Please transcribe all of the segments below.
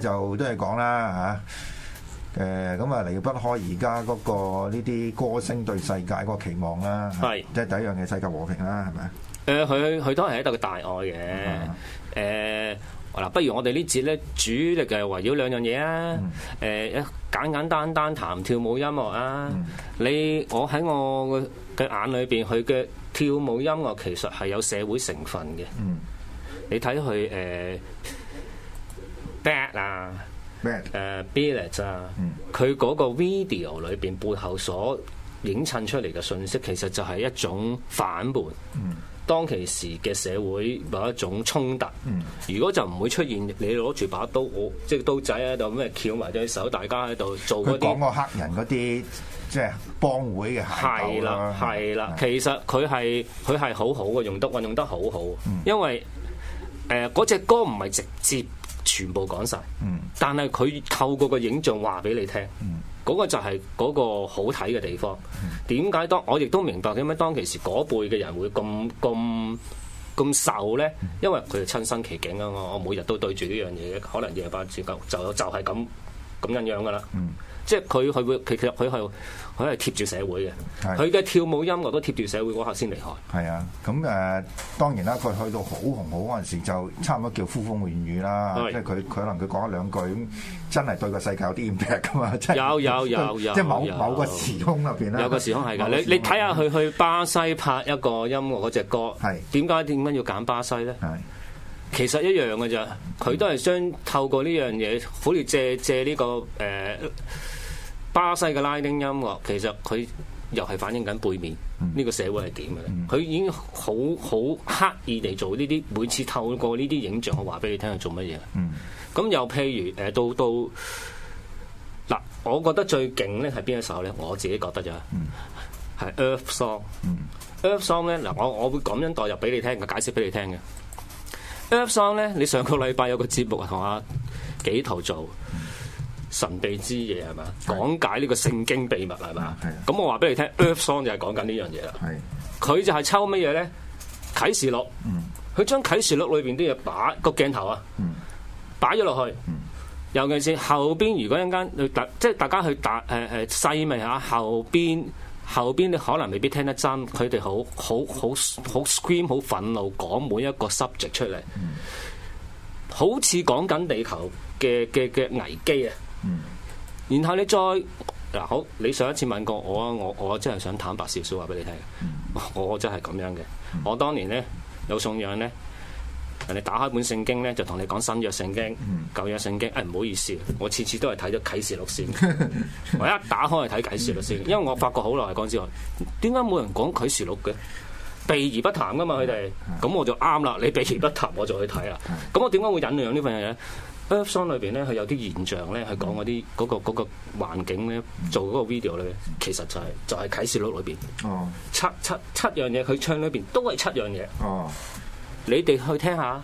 就都係講啦吓，誒咁 啊，離不開而家嗰個呢啲歌星對世界個期望啦，係即係第一樣嘢，世界和平啦，係、啊、咪？誒、啊，佢佢都係喺度嘅大愛嘅，誒嗱、啊啊，不如我哋呢節咧，主力就係圍繞兩樣嘢啊，誒一簡簡單單談跳舞音樂啊，嗯、你我喺我嘅眼裏邊，佢嘅跳舞音樂其實係有社會成分嘅，嗯你，你睇佢誒。Bad 啊，誒 Bad.、uh, billboard 啊，佢嗰個 video 裏邊背後所映襯出嚟嘅信息，其實就係一種反叛。嗯、當其時嘅社會有一種衝突。嗯、如果就唔會出現，你攞住把刀，即係刀仔喺度咁嚟翹埋對手，大家喺度做嗰啲。佢講黑人啲即係幫會嘅係啦。係啦、啊，啊啊啊啊、其實佢係佢係好好嘅，用得運用得好好。因為誒隻、呃嗯呃、歌唔係直接。全部講晒，但係佢透過個影像話俾你聽，嗰、嗯、個就係嗰個好睇嘅地方。點解當我亦都明白點解當其時嗰輩嘅人會咁咁咁瘦咧？因為佢哋親身其境啊嘛。我每日都對住呢樣嘢可能夜班轉夠就就係咁咁樣樣噶啦。嗯。即係佢，佢會其實佢係佢係貼住社會嘅。佢嘅跳舞音樂都貼住社會嗰刻先厲害。係啊，咁誒當然啦，佢去到好紅好嗰陣時，就差唔多叫呼風喚雨啦。即係佢佢可能佢講一兩句，咁真係對個世界有啲 impact 嘅嘛。有有有有。即係某某個時空入邊啦。有個時空係㗎。你你睇下佢去巴西拍一個音樂嗰隻歌。係。點解點解要揀巴西咧？係。其實一樣嘅咋，佢都係想透過呢樣嘢，好似借借呢個誒。巴西嘅拉丁音樂其實佢又係反映緊背面呢、嗯、個社會係點嘅咧？佢、嗯、已經好好刻意地做呢啲每次透過呢啲影像我，我話俾你聽係做乜嘢？咁、嗯、又譬如誒、呃、到到嗱，我覺得最勁咧係邊一首咧？我自己覺得咋，係 Earth Song。Earth Song 咧嗱，我我會噉樣代入俾你聽嘅，解釋俾你聽嘅。Earth Song 咧，你上個禮拜有個節目同阿幾頭做。神秘之嘢係嘛？講解呢個聖經秘密係嘛？係。咁我話俾你聽，Earth Song 就係講緊呢樣嘢啦。係。佢就係抽乜嘢咧？啟示錄。嗯。佢將啟示錄裏邊啲嘢擺個鏡頭啊。嗯。擺咗落去。嗯。尤其是後邊，如果一間去突，即係大家去打誒誒細味下後邊，後邊你可能未必聽得真。佢哋好好好好 scream，好憤怒，講每一個 subject 出嚟。好似講緊地球嘅嘅嘅危機啊！嗯，然後你再嗱好，你上一次問過我，我我真係想坦白少少話俾你聽，我真係咁樣嘅。我當年咧有信仰咧，人哋打開本聖經咧就同你講新約聖經、舊約聖經，哎唔好意思，我次次都係睇咗啟示錄先，我一打開睇啟示錄先，因為我發覺好耐，講之外，點解冇人講啟示錄嘅？避而不談噶嘛，佢哋，咁我就啱啦。你避而不談，我就去睇啦。咁我點解會引養呢份嘢？Earth Song 裏邊咧，佢有啲現象咧，佢講嗰啲嗰個嗰、那個、環境咧，做嗰個 video 咧，其實就係、是、就係、是、啟示錄裏邊。哦、oh.，七七七樣嘢，佢唱裏邊都係七樣嘢。哦，oh. 你哋去聽下。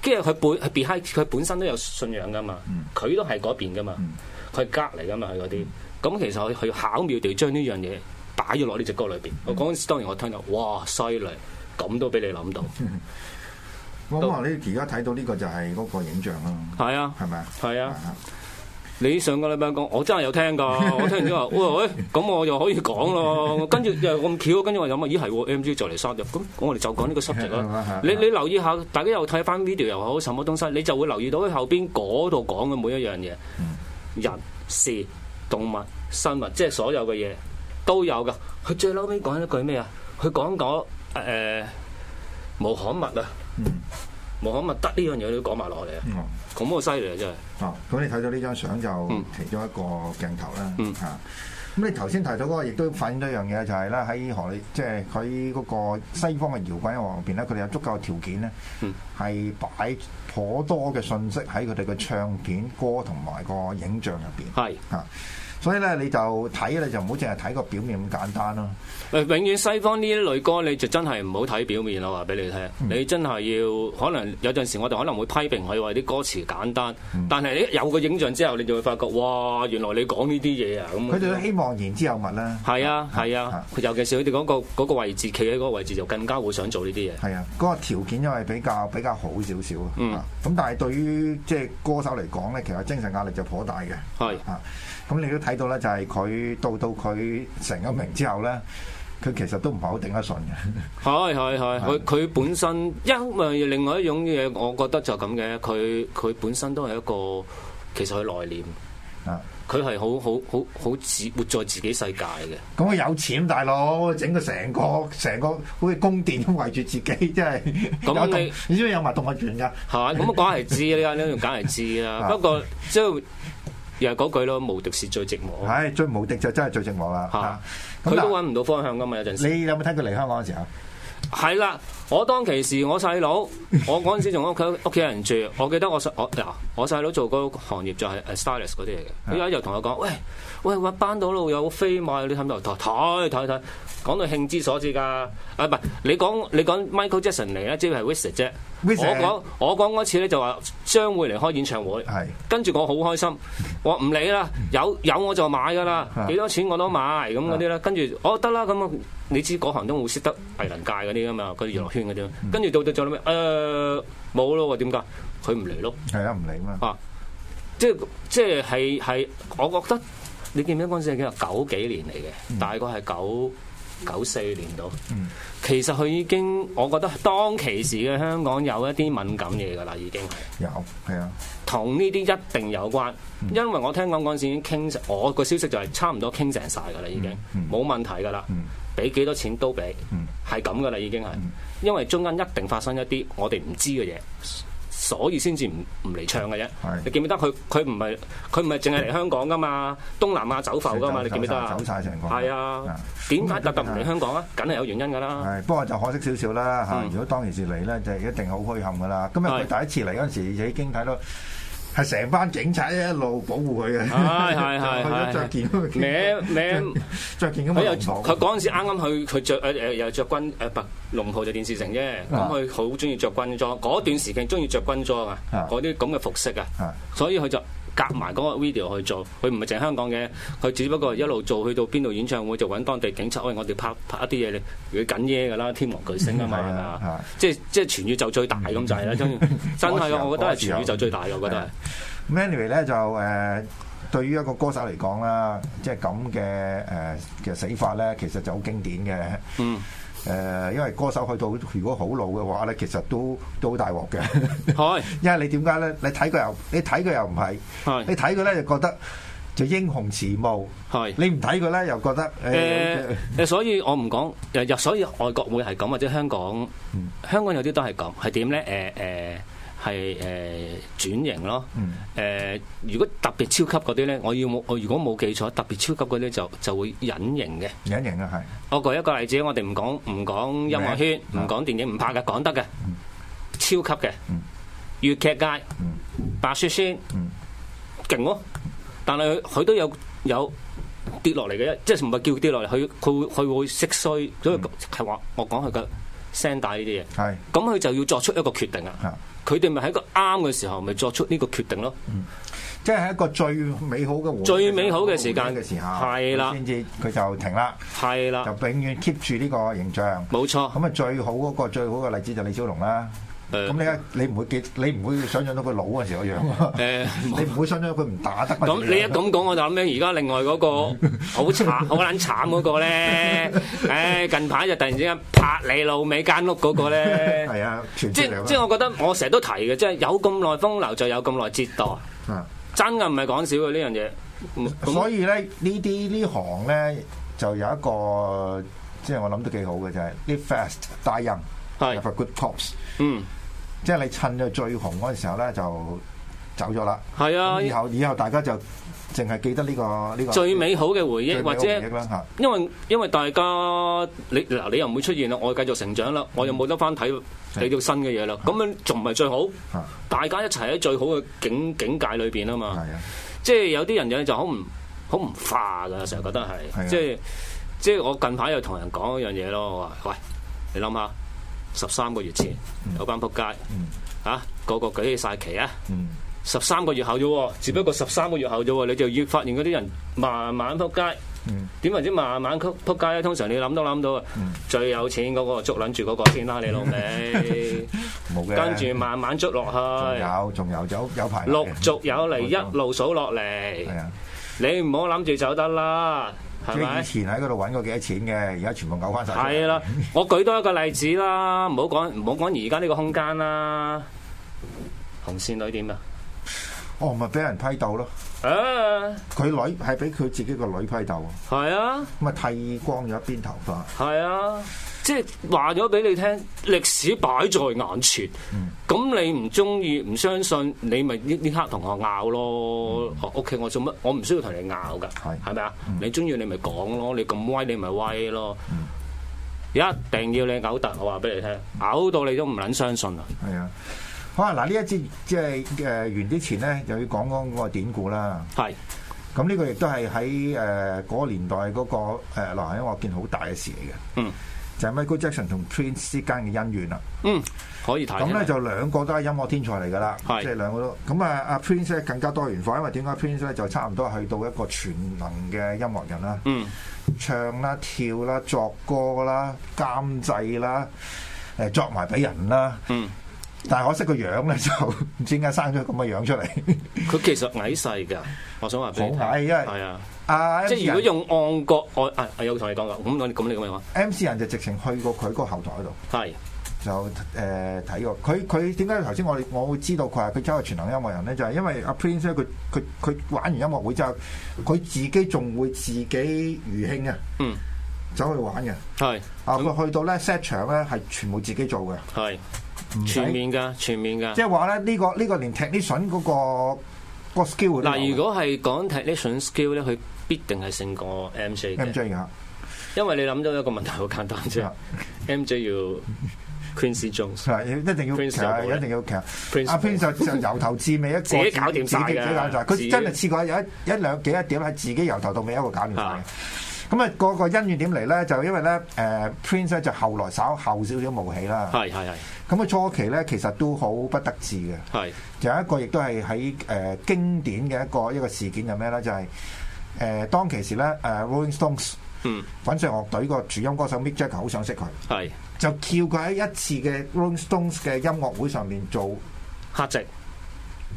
跟住佢本，佢佢本身都有信仰噶嘛。佢都係嗰邊噶嘛。佢係隔離噶嘛，佢嗰啲。咁其實佢佢巧妙地將呢樣嘢擺咗落呢隻歌裏邊。Mm. 我嗰陣時當然我聽到，哇犀利！咁都俾你諗到。 都話你而家睇到呢個就係嗰個影像咯，係啊，係咪啊？係啊！你上個禮拜講，我真係有聽噶。我聽完之後，喂喂，咁我又可以講咯。跟住又咁巧，跟住我有問：咦係喎？M G 就嚟殺入，咁我哋就講呢個 subject 啦。你你留意下，大家又睇翻 video 又好，什麼東西，你就會留意到佢後邊嗰度講嘅每一樣嘢，人、事、動物、生物，即係所有嘅嘢都有噶。佢最後尾講一句咩啊？佢講講誒冇罕物啊！嗯，冇可咪得呢樣嘢都講埋落嚟啊！咁好犀利啊，真係。哦，咁你睇到呢張相就其中一個鏡頭啦。吓、嗯、咁、啊、你頭先提到嗰個，亦都反映咗一樣嘢，就係咧喺何，即係佢嗰個西方嘅搖滾樂入邊咧，佢哋有足夠條件咧，係擺頗多嘅信息喺佢哋嘅唱片、歌同埋個影像入邊。係、嗯。吓。所以咧你就睇咧就唔好淨係睇個表面咁簡單咯。永遠西方呢一類歌你就真係唔好睇表面咯，話俾你聽。你真係要可能有陣時我哋可能會批評佢話啲歌詞簡單，但係你有個影像之後你就會發覺，哇，原來你講呢啲嘢啊咁。佢哋都希望言之有物啦。係啊，係啊。尤其是佢哋嗰個位置，企喺嗰個位置就更加會想做呢啲嘢。係啊，嗰個條件因為比較比較好少少。咁但係對於即係歌手嚟講咧，其實精神壓力就頗大嘅。係。咁你都睇。睇到咧就係佢到到佢成咗名之後咧，佢其實都唔係好頂得順嘅。係係係，佢佢本身一咪另外一種嘢，我覺得就咁嘅。佢佢本身都係一個，其實佢內斂啊，佢係好好好好只活在自己世界嘅。咁佢有錢大佬，整個成個成個好似宮殿咁圍住自己，真係。咁啊同你知有埋動物園噶？係，咁啊梗係知啦，呢樣梗係知啦。不過即係。又嗰句咯，無敵是最寂寞。係、哎，最無敵就真係最寂寞啦。嚇、啊，佢那都搵唔到方向㗎嘛，有陣時。你有冇睇佢嚟香港嘅時候？係啦， 我當其時我細佬，我嗰陣時仲屋企屋企人住，我記得我細我，我細佬做嗰個行業就係 stylist 嗰啲嚟嘅。依家又同我講，喂喂，話班島路有飛賣啲枕頭睇睇睇，講到興之所至噶，唔、啊、係你講你講 Michael Jackson 嚟咧，即係 Whitney 啫，我講我講嗰次咧就話將會嚟開演唱會，是跟住我好開心，我唔理啦，有有我就買噶啦，幾多錢我都買咁嗰啲啦，跟住我得啦咁啊。你知嗰行都會識得藝人界嗰啲噶嘛？個娛樂圈嗰啲，跟住、嗯、到到再咩？誒冇咯喎，點解佢唔嚟咯？係啊，唔嚟嘛？即係即係係係，我覺得你記唔記得嗰陣時叫九幾年嚟嘅，嗯、大概係九九四年度。嗯、其實佢已經，我覺得當其時嘅香港有一啲敏感嘢噶啦，已經有係啊，同呢啲一定有關，嗯、因為我聽講嗰陣時已經傾，我個消息就係差唔多傾成晒噶啦，已經冇問題噶啦。嗯俾幾多錢都俾，係咁噶啦，已經係，因為中間一定發生一啲我哋唔知嘅嘢，所以先至唔唔嚟唱嘅啫。是的 你記唔記得？佢佢唔係佢唔係淨係嚟香港噶嘛，東南亞走埠噶嘛，你記唔記得？走晒成個。係啊的，點解特特唔嚟香港啊？梗係有原因噶啦。係，不過就可惜少少啦嚇。如果當其時嚟咧，就一定好虛憾噶啦。今日佢第一次嚟嗰陣時，已經睇到。係成班警察一路保護佢嘅， 係係係係，著件咁嘅，孭件咁佢有，佢嗰陣時啱啱去，佢著誒又着軍誒白龍袍就電視城啫。咁佢好中意着軍裝，嗰段時間中意着軍裝啊，嗰啲咁嘅服飾啊，所以佢就。啊嗯夾埋嗰個 video 去做，佢唔係淨係香港嘅，佢只不過一路做，去到邊度演唱會就揾當地警察，喂，我哋拍拍一啲嘢，你佢緊嘢㗎啦，天王巨星啊嘛，嗯嗯嗯嗯、即係即係全宇宙最大咁就係、是、啦，真係啊！我覺得係全宇宙最大嘅，我覺得係。Manu 咧就誒，對於一個歌手嚟講啦，即係咁嘅誒嘅死法咧，其實就好經典嘅。嗯。誒，因為歌手去到如果好老嘅話咧，其實都都好大鑊嘅。係，是 因為你點解咧？你睇佢又你睇佢又唔係，你睇佢咧就覺得就英雄遲暮。係，是 你唔睇佢咧又覺得誒誒。是 所以我唔講誒，又所以外國會係咁，或者香港，香港有啲都係咁。係點咧？誒、呃、誒。呃係誒、呃、轉型咯，誒、呃、如果特別超級嗰啲咧，我要冇我如果冇記錯，特別超級嗰啲就就會隱形嘅，隱形嘅係。我舉一個例子，我哋唔講唔講音樂圈，唔講是電影，唔拍嘅，講得嘅，超級嘅粵劇界，白雪仙勁喎，但係佢都有有跌落嚟嘅，即係唔係叫跌落嚟，佢佢會佢會識衰，所以係話我講佢嘅聲帶呢啲嘢。係是，咁佢就要作出一個決定啊。佢哋咪喺個啱嘅時候，咪作出呢個決定咯。嗯，即係一個最美好嘅和最美好嘅時間嘅時候，係啦，先至佢就停啦，係啦，就永遠 keep 住呢個形象。冇錯啦，咁啊最好嗰個最好嘅例子就李小龍啦。咁你你唔會記，你唔會想像到佢老嘅時候樣啊？誒，你唔會想像佢唔打得？咁你一咁講，我就諗起而家另外嗰個好慘、好卵慘嗰個咧，誒，近排就突然之間拍你老尾間屋嗰個咧，係啊，即即係我覺得我成日都提嘅，即係有咁耐風流，就有咁耐折墮，真嘅唔係講少嘅呢樣嘢，所以咧呢啲呢行咧就有一個，即係我諗都幾好嘅就係 Live fast, die young, have a good tops，嗯。即係你趁咗最紅嗰個時候咧，就走咗啦。係啊，以後以後大家就淨係記得呢個呢個最美好嘅回憶，或者因為因為大家你嗱你又唔會出現啦，我繼續成長啦，我又冇得翻睇睇到新嘅嘢啦。咁樣仲唔係最好？大家一齊喺最好嘅境境界裏邊啊嘛。係啊，即係有啲人咧就好唔好唔化噶，成日覺得係即係即係我近排又同人講一樣嘢咯，我話喂，你諗下。十三個月前、嗯、有班扑街、啊，吓個個舉起晒旗啊！十三、嗯、個月後啫，只不過十三個月後啫，你就要發現嗰啲人慢慢扑街，點為之慢慢扑扑街咧？通常你諗都諗到啊！最有錢嗰、嗰個捉捻住嗰個先啦，你老味，冇跟住慢慢捉落去， 有仲有有有排。陸續有嚟一路數落嚟，的你唔好諗住走得啦。即係以前喺嗰度揾過幾多錢嘅，而家全部嘔翻晒。係啦，我舉多一個例子啦，唔好講唔好講而家呢個空間啦。紅線女點、哦、啊？哦，咪俾人批鬥咯。啊！佢女係俾佢自己個女批鬥。係啊。咁咪剃光咗一邊頭髮。係啊。即係話咗俾你聽，歷史擺在眼前，咁你唔中意唔相信，你咪即刻同我拗咯。OK，我做乜？我唔需要同你拗噶，係咪啊？你中意你咪講咯，你咁威你咪威咯。一定要你咬突我話俾你聽，咬到你都唔捻相信啊！係啊，好啊！嗱，呢一節即係誒完之前咧，又要講講嗰個典故啦。係，咁呢個亦都係喺誒嗰個年代嗰個誒嚟喺我見好大嘅事嚟嘅。嗯。就係 Michael Jackson 同 Prince 之間嘅恩怨啦。嗯，可以睇。咁咧就兩個都係音樂天才嚟㗎啦。即係是兩個都。咁啊，阿 Prince 更加多元化，因為點解 Prince 咧就差唔多去到一個全能嘅音樂人啦，嗯嗯。嗯，唱啦、跳啦、作歌啦、監製啦、誒作埋俾人啦。嗯。但係可惜個樣咧，就唔知點解生咗咁嘅樣出嚟。佢其實矮細噶，我想話俾你聽。係因為係啊，即係如果用按角，我啊有同你講噶，咁我咁你咁樣講。M C 人就直情去過佢個後台度，係就誒睇過佢佢點解頭先我我會知道佢係佢真係全能音樂人咧，就係因為阿 Prince 佢佢佢玩完音樂會之後，佢自己仲會自己餘興啊，嗯，走去玩嘅係啊佢去到咧 set 場咧係全部自己做嘅係。全面噶，全面噶。即係話咧，呢個呢個連 technician 嗰個個 skill 嗱，如果係講 technician skill 咧，佢必定係勝過 M J 嘅。M J 因為你諗到一個問題，好簡單啫。M J 要 Quincy Jones，一定要，Quincy 一定要劇。Quincy 就由頭至尾一自己搞掂晒，佢真係試過有一一兩幾一點喺自己由頭到尾一個搞掂晒咁啊，個個恩怨點嚟咧？就因為咧，誒、呃、Prince 咧就後來稍後少少冒起啦。係係係。咁佢初期咧其實都好不得志嘅。係。仲有一個亦都係喺誒經典嘅一個一個事件就咩咧？就係、是、誒、呃、當其時咧，誒 Rolling Stones 嗯滾石樂隊個主音歌手 Mick Jagger 好想識佢，係是是 就叫佢喺一次嘅 Rolling Stones 嘅音樂會上面做客席。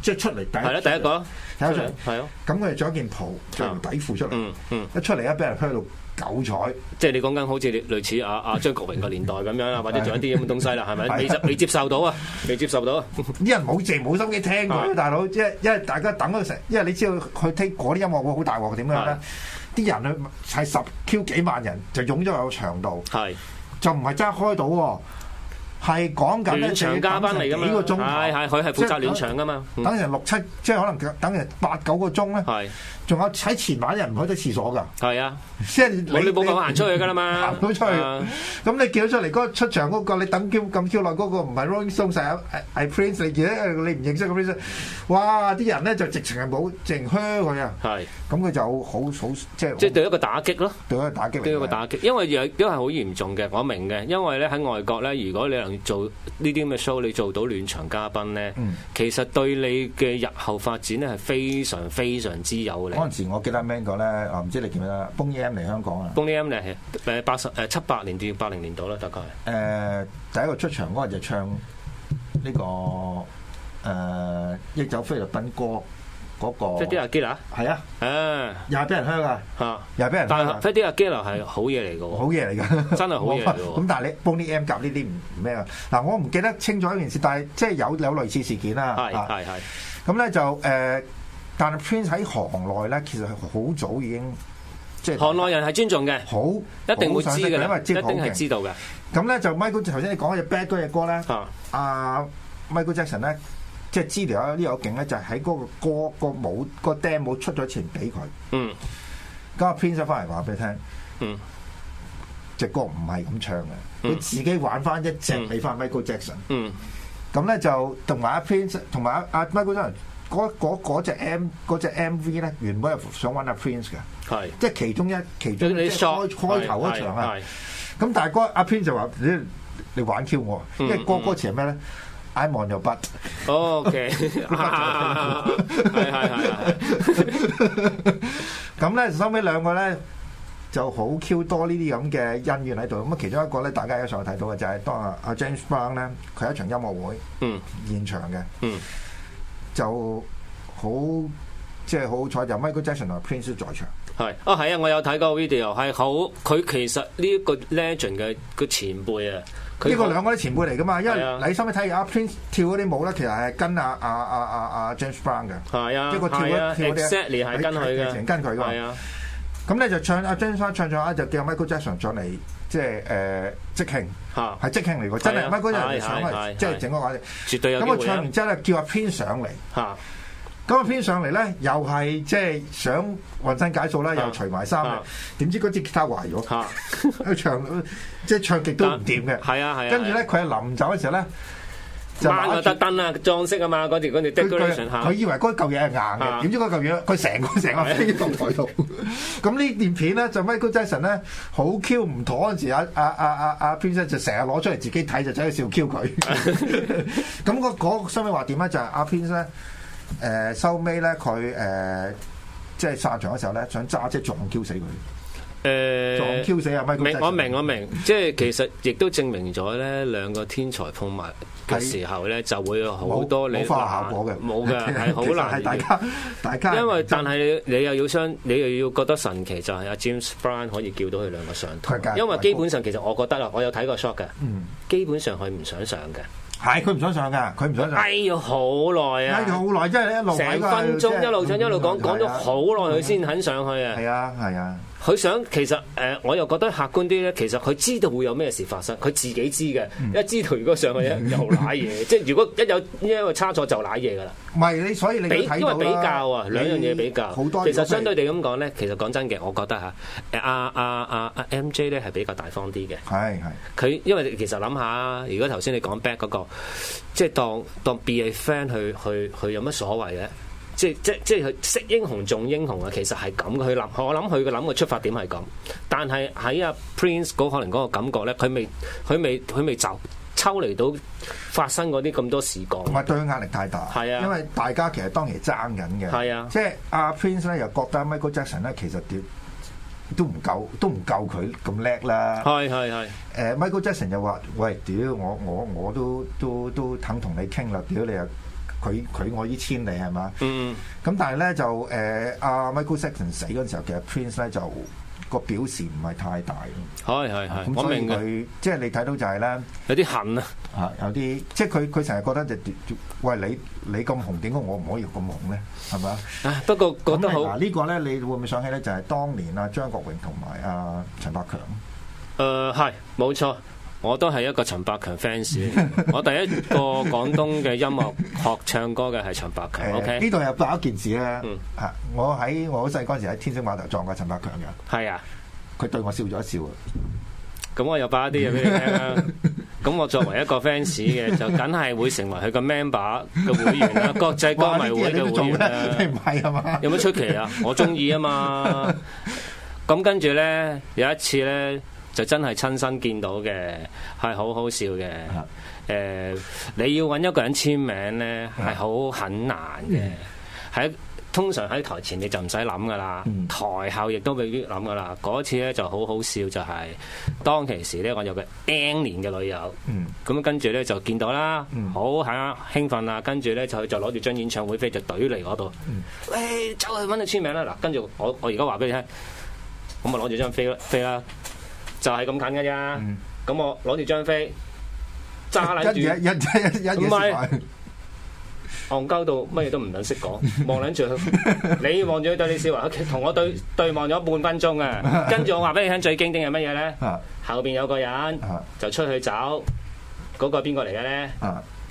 即係出嚟第一個，第一個，第一出嚟係啊，咁佢哋着一件袍，著條底褲出嚟。嗯嗯，一出嚟一俾人開到九彩。即係你講緊好似類似阿阿張國榮個年代咁樣啦，或者做一啲咁嘅東西啦，係咪？未你接受到啊，未接受到。啊？啲人冇靜冇心機聽佢大佬，即係因為大家等佢時，因為你知道佢聽嗰啲音樂會好大鑊點樣咧？啲人去係十 Q 幾萬人就湧咗入個場度，係就唔係真係開到喎。係講緊一場加班嚟嘛？咁樣，係係佢係負責暖場噶嘛，等成六七，嗯、即係可能等成八九個鐘咧。是是仲有喺前晚人唔開得廁所噶，係啊，即係你你唔行出去噶啦嘛， 行出去。咁、啊、你叫咗出嚟嗰出場嗰、那個，你等咁咁嬌耐嗰個唔係 Rolling Stones 成 I, I Prince 你見咧，你唔認識個 Prince，哇！啲人咧就直情係冇直情靴佢啊，係咁佢就好好即係即係對一個打擊咯，對一個打擊，對一個打擊，對一個打擊，因為又因為好嚴重嘅，我明嘅。因為咧喺外國咧，如果你能做呢啲咁嘅 show，你做到暖場嘉賓咧，其實對你嘅日後發展咧係非常非常之有利。嗰陣時，我記得咩講咧？我唔知你記唔記得啦。Boney M 嚟香港啊 Boney M 嚟係誒八十誒七八年至八零年代啦，大概。誒第一個出場嗰陣就唱呢個誒《一走菲律賓歌》嗰個。Freddie Aguilar 係啊，誒，又俾人香啊，嚇，又俾人。但 Freddie Aguilar 係好嘢嚟嘅，好嘢嚟嘅，真係好嘢嚟嘅。咁但係你 Boney M 夾呢啲唔咩啊？嗱，我唔記得清楚一件事，但係即係有有類似事件啦。係係係。咁咧就誒。但係 Prince 喺行內咧，其實係好早已經即係行內人係尊重嘅，好一定會知嘅，因為一定係知道嘅。咁咧就 Michael 頭先你講開隻 Bad Guy 隻歌咧，阿、uh, Michael Jackson 咧，即係資料有呢個勁咧，就喺、是、嗰個歌、那個舞個 Demo，出咗錢俾佢。嗯，咁阿 Prince 翻嚟話俾你聽，嗯，隻歌唔係咁唱嘅，佢自己玩翻一隻俾翻 Michael Jackson。嗯，咁咧就同埋阿 Prince，同埋阿 Michael Jackson。嗰嗰嗰隻 M 嗰隻 MV 咧，原本係想揾阿 Prince 嘅，即係其中一其中即係開開頭嗰場啊。咁但係阿阿 Prince 就話：你你玩 Q 我，因為歌歌詞係咩咧？I want your butt。OK，咁咧收尾兩個咧就好 Q 多呢啲咁嘅恩怨喺度。咁啊，其中一個咧，大家喺上睇到嘅就係當阿阿 James Brown 咧，佢一場音樂會現場嘅。就好，即係好彩，就是、彩 Michael Jackson 同 Prince 在場。係 啊，係啊，我有睇過個 video，係好佢其實呢一個 legend 嘅個前輩啊，呢個兩個啲前輩嚟噶嘛，因為你收尾睇下、啊、Prince 跳嗰啲舞咧，其實係跟阿阿阿阿阿 James Brown 嘅，係啊，一個跳一跳，Sally 係跟佢嘅，係啊。咁咧就唱阿 Jason 唱唱下，就叫 Michael Jackson 上嚟，即係誒即興，嚇係即興嚟嘅，真係 Michael Jackson 上嚟，即係整個話嘅。絕對有啲咁啊！唱完之後咧，叫阿 Pian 上嚟，嚇咁阿 Pian 上嚟咧，又係即係想渾身解數啦，又除埋衫嘅。點 行動 mañana 知嗰支吉他壞咗，佢唱即係唱極都唔掂嘅，係啊係啊。跟住咧，佢係臨走嘅時候咧。就個燈燈啊，裝飾啊嘛，嗰條嗰條。佢以為嗰嚿嘢係硬嘅，點、啊、知嗰嚿嘢，佢成個成個，個飛到台度。咁呢 段片咧、啊啊啊啊，就 Michael Jackson 咧好 Q 唔妥嗰陣時，阿阿阿阿阿 Prince 就成日攞出嚟自己睇，就走去笑 Q 佢。咁我嗰收尾話點咧？就係阿 Prince 咧，誒收尾咧佢誒即係散場嘅時候咧，想揸車撞 Q 死佢。誒，我明我明，即係其實亦都證明咗咧，兩個天才碰埋嘅時候咧，就會有好多你化效果嘅，冇嘅係好難。係大家大家因為但係你又要想，你又要覺得神奇，就係阿 James Brown 可以叫到佢兩個上台，因為基本上其實我覺得啊，我有睇過 shot 嘅，基本上佢唔想上嘅，係佢唔想上噶，佢唔想。哎呀，好耐啊，哎呀，好耐，即係一路成分鐘一路唱一路講，講咗好耐，佢先肯上去啊，係啊，係啊。佢想，其實誒、呃，我又覺得客觀啲咧。其實佢知道會有咩事發生，佢自己知嘅。一、嗯、知道如果上去嘢 又瀨嘢，即係如果一有一個差錯就瀨嘢㗎喇。唔係你，所以你比因為比較啊，你兩樣嘢比較。其實相對地咁講咧，其實講真嘅，我覺得吓啊啊啊啊 MJ 咧係比較大方啲嘅。係係佢因為其實諗下，如果頭先你講 back 嗰、那個，即係當當 be a friend 去去去有乜所謂嘅？即即即係識英雄重英雄啊！其實係咁，佢諗我諗佢嘅諗嘅出發點係咁，但係喺阿 Prince 嗰可能嗰個感覺咧，佢未佢未佢未，未就抽離到發生嗰啲咁多事講，同埋對佢壓力太大，係是啊，因為大家其實當年爭緊嘅，係是啊即，即係阿 Prince 咧又覺得 Michael Jackson 咧其實點都唔夠都唔夠佢咁叻啦，係係係，誒 Michael Jackson 又話喂屌我我我都都都，都肯同你傾啦，屌你啊！佢佢我依千里係嘛？嗯。咁但係咧就誒阿、呃、Michael Jackson 死嗰陣時候，其實 Prince 咧就個表示唔係太大。係係係，我明嘅。咁所以佢即係你睇到就係、是、咧有啲恨啊，啊，嚇有啲即係佢佢成日覺得就喂你你咁紅，點解我唔可以咁紅咧？係咪？啊」啊不過講得好嗱呢個咧，你會唔會想起咧？就係、是、當年啊張國榮同埋啊陳百強。誒係冇錯。我都係一個陳百強 fans，我第一個廣東嘅音樂學唱歌嘅係陳百強。 OK，呢度有爆一件事啦。嗯我，我喺我好細嗰陣時喺天星碼頭撞過陳百強嘅。係啊，佢對我笑咗一笑啊。咁我又爆一啲嘢俾你聽啦，啊。咁 我作為一個 fans 嘅，就梗係會成為佢個 member 嘅會員啦，國際歌迷會嘅會員啦。唔係啊嘛，有乜出奇啊？我中意啊嘛。咁跟住咧，有一次咧。就真係親身見到嘅，係好好笑嘅。誒、呃，你要揾一個人簽名咧，係好很，很難嘅。喺、嗯、通常喺台前你就唔使諗㗎啦，嗯、台後亦都未必諗㗎啦。嗰次咧就好好笑，就係、是、當其時咧我有個 N 年嘅女友，咁、嗯、跟住咧就見到啦，好嚇興奮啊！跟住咧就就攞住張演唱會飛就隊嚟我度，嗯、喂，走去揾你簽名啦。嗱，跟住我我而家話俾你聽，咁啊攞住張飛啦飛啦。就係咁近嘅啫，咁我攞住張飛揸住，唔係戇鳩到乜嘢都唔想識講，望捻住佢， 你望住佢對你笑話，同我對對望咗半分鐘啊！跟住我話俾你聽最經典係乜嘢咧？後邊有個人就出去走，嗰、那個邊個嚟嘅咧？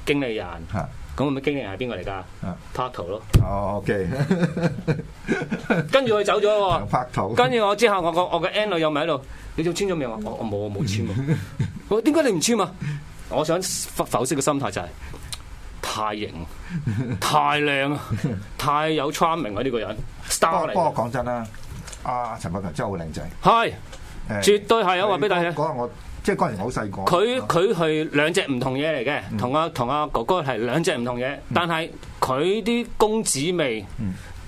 經理人，咁、那個經理人係邊個嚟噶？拍圖咯。OK，heroin 跟住佢走咗，跟住我之後我個我個 n 女又咪喺度。你仲簽咗名嘛？我我冇，我冇簽喎。我點解你唔簽啊？我想否否認嘅心態就係太型，太靚，太有 charming 啊！呢 個人，star。不過不過講真啦，阿、啊、陳百強真係好靚仔。係是，欸、絕對係。是我話俾大家講下，我即係嗰陣好細個。佢佢係兩隻唔同嘢嚟嘅，同阿同阿哥哥係兩隻唔同嘢，嗯、但係佢啲公子味，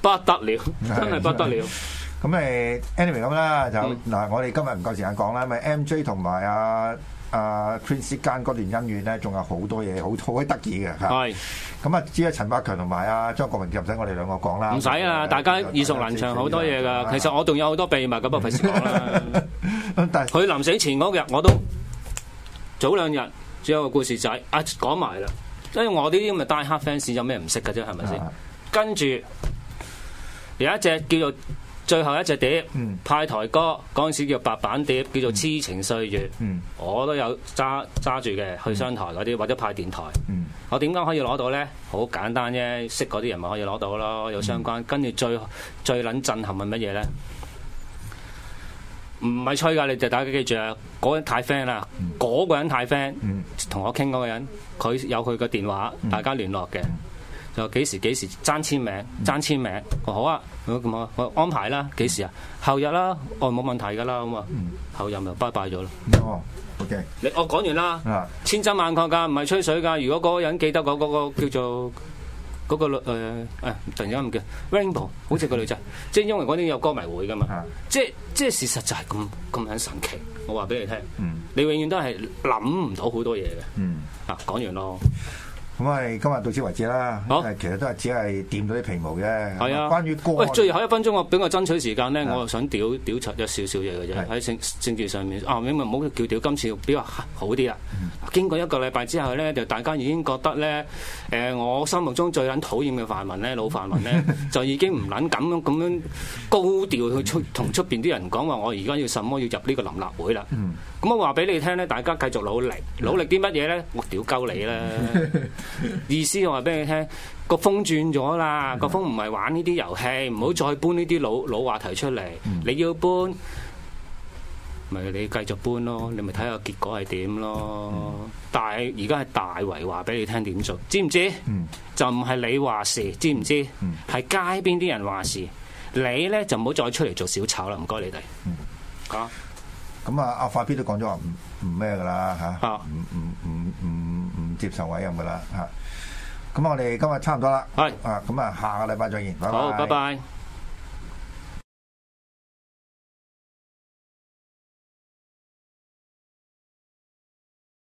不得了，嗯、真係不得了。 咁咪 Anyway 咁啦，就嗱，我哋今日唔夠時間講啦，咪 MJ 同埋阿阿 Prince 間嗰段姻緣咧，仲有好多嘢好鬼得意嘅。係，咁啊，至於， 嗯、陳百強同埋阿張國榮就唔使我哋兩個講啦，唔使啦，大家耳熟能詳好多嘢噶。啊、其實我仲有好多秘密，咁啊，費事講啦。佢臨死前嗰日，我都早兩日，仲有個故事就仔啊，講埋啦。因為我啲咁嘅 Die Hard fans 有咩唔識嘅啫，係咪先？ 跟住有一隻叫做。最後一隻碟派台歌嗰陣時叫白板碟，叫做《痴情歲月》，我都有揸揸住嘅，去商台嗰啲或者派電台。嗯、我點解可以攞到呢？好簡單啫，識嗰啲人咪可以攞到咯，有相關。跟住最最撚震撼係乜嘢呢？唔係吹㗎，你就大家記住啊！嗰人太 friend 啦，嗰、嗯、個人太 friend，同我傾嗰個人，佢有佢嘅電話，大家聯絡嘅。就幾時幾時爭簽名爭、嗯、簽名好啊，咁啊我、啊、安排啦。幾時啊？後日啦，我冇問題噶啦。咁啊、嗯、後日咪拜拜咗咯哦 O、okay、K 你我講、哦、完啦。千真萬確㗎，唔係吹水㗎。如果嗰個人記得嗰、嗰個嗰個叫做嗰、嗰個女、呃哎、突然間唔記得 Rainbow 好似個女仔，即係因為嗰啲有歌迷會㗎嘛、啊、即係即係事實就係咁，咁樣神奇，我話俾你聽，你永遠都係諗唔到好多嘢嘅、嗯、啊講完咯。咁啊，今日到此為止啦。哦，其實都係只係掂到啲皮毛啫。係啊，關於過。喂，最後一分鐘，我俾我爭取時間咧，我又想屌屌柒一少少嘢嘅啫。喺政政綱上面，啊，你唔好叫屌今次比較好啲啊。經過一個禮拜之後咧，就大家已經覺得咧，誒，我心目中最撚討厭嘅泛民咧，老泛民咧，就已經唔撚咁樣咁樣高調去出，同出面啲人講話，我而家要什麼要入呢個林立會啦。咁我話俾你聽咧，大家繼續努力，努力啲乜嘢咧？我屌鳩你啦！意思我話俾你聽，個風轉咗啦，個、嗯、風唔係玩呢啲遊戲，唔好再搬呢啲老老話題出嚟。嗯、你要搬，咪你繼續搬咯，你咪睇下結果係點咯。嗯、大而家係大圍話俾你聽點做，知唔知？嗯、就唔係你話事，知唔知？係、嗯、街邊啲人話事，嗯、你咧就唔好再出嚟做小丑啦，唔該你哋。啊、嗯，咁啊、嗯，阿發 B 都講咗話唔咩噶啦吓，唔、嗯嗯嗯接受委任噶啦吓，咁我哋今日差唔多啦，係啊是，咁啊下個禮拜再見，好拜拜。拜拜。